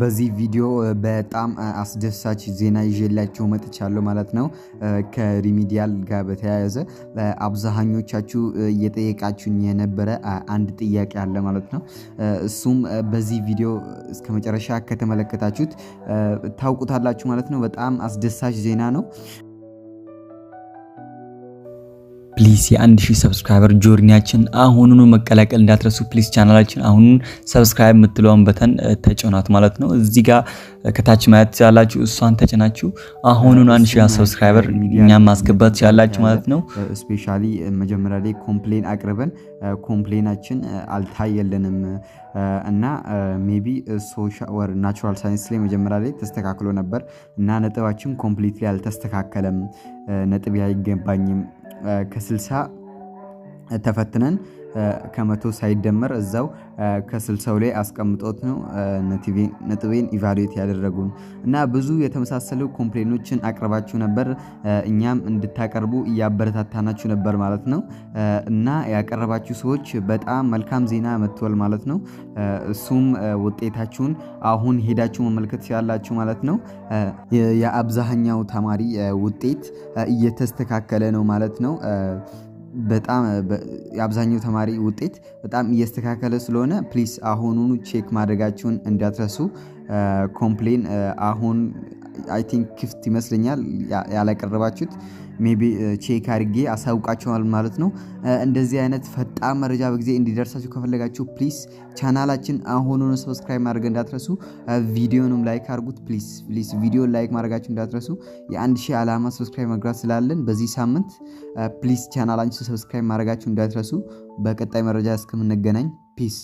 በዚህ ቪዲዮ በጣም አስደሳች ዜና ይዤላቸው መጥቻለሁ ማለት ነው። ከሪሚዲያል ጋር በተያያዘ አብዛኞቻችሁ እየጠየቃችሁን የነበረ አንድ ጥያቄ አለ ማለት ነው። እሱም በዚህ ቪዲዮ እስከ መጨረሻ ከተመለከታችሁት ታውቁታላችሁ ማለት ነው። በጣም አስደሳች ዜና ነው። ፕሊስ የአንድ ሺህ ሰብስክራይበር ጆርኒያችን አሁኑኑ መቀላቀል እንዳትረሱ ፕሊስ። ቻናላችን አሁኑን ሰብስክራይብ የምትለውን በተን ተጭናት ማለት ነው። እዚህ ጋር ከታች ማየት ያላችሁ እሷን ተጭናችሁ አሁኑን አንድ ሺህ ሰብስክራይበር እኛም ማስገባት ትችላላችሁ ማለት ነው። ስፔሻሊ መጀመሪያ ላይ ኮምፕሌን አቅርበን ኮምፕሌናችን አልታየልንም እና ሜቢ ናቹራል ሳይንስ ላይ መጀመሪያ ላይ ተስተካክሎ ነበር እና ነጥባችን ኮምፕሊት አልተስተካከለም። ነጥብ አይገባኝም كسلسا تفتنن ከመቶ ሳይደመር እዛው ከስልሰው ላይ አስቀምጦት ነው ነጥቤን ኢቫሉዌት ያደረጉን እና ብዙ የተመሳሰሉ ኮምፕሌኖችን አቅርባችሁ ነበር። እኛም እንድታቀርቡ እያበረታታናችሁ ነበር ማለት ነው እና ያቀረባችሁ ሰዎች በጣም መልካም ዜና መጥቷል ማለት ነው። እሱም ውጤታችሁን አሁን ሄዳችሁ መመልከት ያላችሁ ማለት ነው። የአብዛኛው ተማሪ ውጤት እየተስተካከለ ነው ማለት ነው። በጣም የአብዛኛው ተማሪ ውጤት በጣም እየስተካከለ ስለሆነ ፕሊስ አሁኑኑ ቼክ ማድረጋችሁን እንዳትረሱ። ኮምፕሌን አሁን አይ ቲንክ ክፍት ይመስለኛል ያላቀረባችሁት ሜቢ ቼክ አድርጌ አሳውቃችኋል ማለት ነው። እንደዚህ አይነት ፈጣን መረጃ በጊዜ እንዲደርሳችሁ ከፈለጋችሁ ፕሊስ ቻናላችን አሁኑን ሰብስክራይብ ማድረግ እንዳትረሱ፣ ቪዲዮንም ላይክ አድርጉት ፕሊስ ፕሊስ፣ ቪዲዮ ላይክ ማድረጋችሁ እንዳትረሱ። የአንድ ሺህ ዓላማ ሰብስክራይብ መግባት ስላለን በዚህ ሳምንት ፕሊስ ቻናላችን ሰብስክራይብ ማድረጋችሁ እንዳትረሱ። በቀጣይ መረጃ እስከምንገናኝ ፒስ